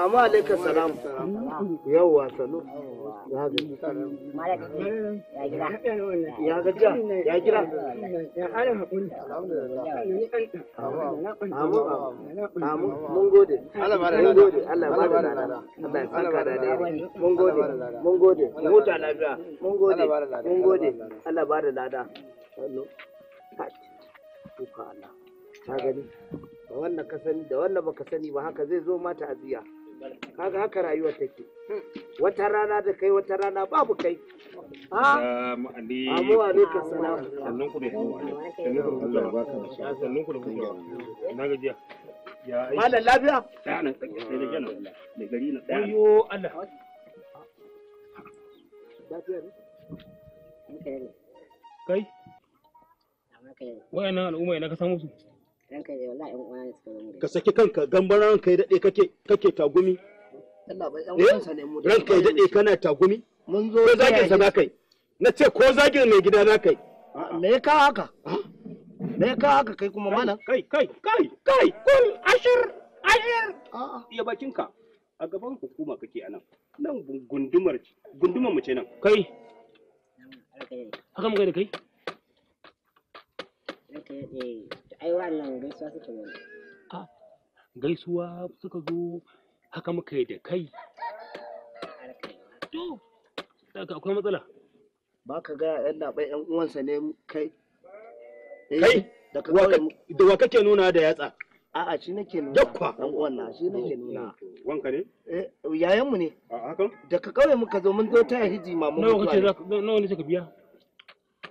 Amma alaika salam. Yawwa salo. Ya gajiya. Ya gida. Ya ala haƙuri. Amu. Amu. Mun gode. Allah ba da Allah ba da lada. Allah ya saka da Mun gode. Mun gode. Huta lafiya. Mun gode. Mun gode. Allah ba da lada. Salo. gani. wanda ka sani da wanda baka sani ba haka zai zo ma ta'aziyya kaga haka rayuwa take wata rana da kai wata rana babu kai ha ah. ali assalamu alaikum sannan ku da ku sannan ku da ku ku sannan da na gajiya malam lafiya da nan sai da jana da gari na daya ayo Allah lafiya ne kai wayannan al'umma ina ka samu su ranka wallahi suka ka saki kanka ranka kai dade kake kake tagumi eh? ranka ya dade kana tagumi ko zagin sa na kai na ce ko zagin mai gida na kai me ya kawo haka me ya kawo haka kai kuma mana? kai kai kai kai kun ashir ashir ya bakinka a gaban hukuma kake anan nan gundumar gundumar mu ce nan kai haka mu kai da kai ai wannan gaisuwa suke yi a gaisuwa suka zo haka muka yi da kai to daga akwai matsala ba ka ga yan labai yan uwansa ne kai eh, kai da wa ke nuna da yatsa a'a shi nake nuna dakwa dan uwan na shi nake nuna wanka ne eh yayan mu ne a haka da ka kauye muka zo mun zo ta hiji mamu nawa kace nawa ne suka biya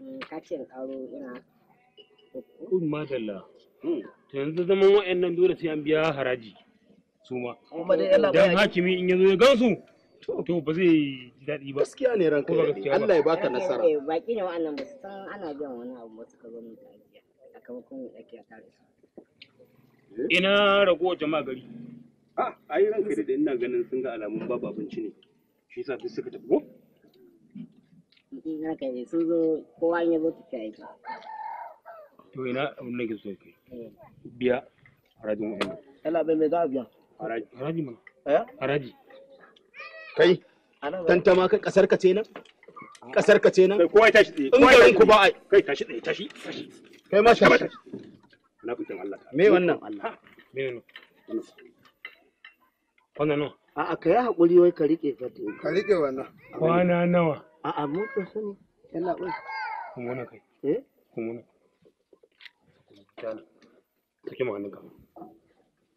mm, ka ce karo ina kun madalla hmm. to yanzu zaman wa'annan dole sai an biya haraji su ma dan hakimi in yazo ya gansu to ba zai ji daɗi ba gaskiya ne ranka Allah ya baka nasara baki ne wa'annan ba san ana wani abu sakamakon ya tare ina rago jama'a gari ah, ai ranka da ina ganin sun ga alamun babu abinci ne shi yasa duk suka tafi ne sun zo kowa ya zo tafiya to ina abin da ke biya harajin kai tantama kasar ka ce nan tashi kai tashi kai ma shi me wannan Allah me wannan a'a kai hakuri wai ka rike ka ka rike wannan kwana nawa a'a mun ka sani yana bai kuma kai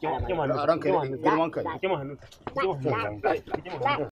kima hannunka kima hannunka kima hannunka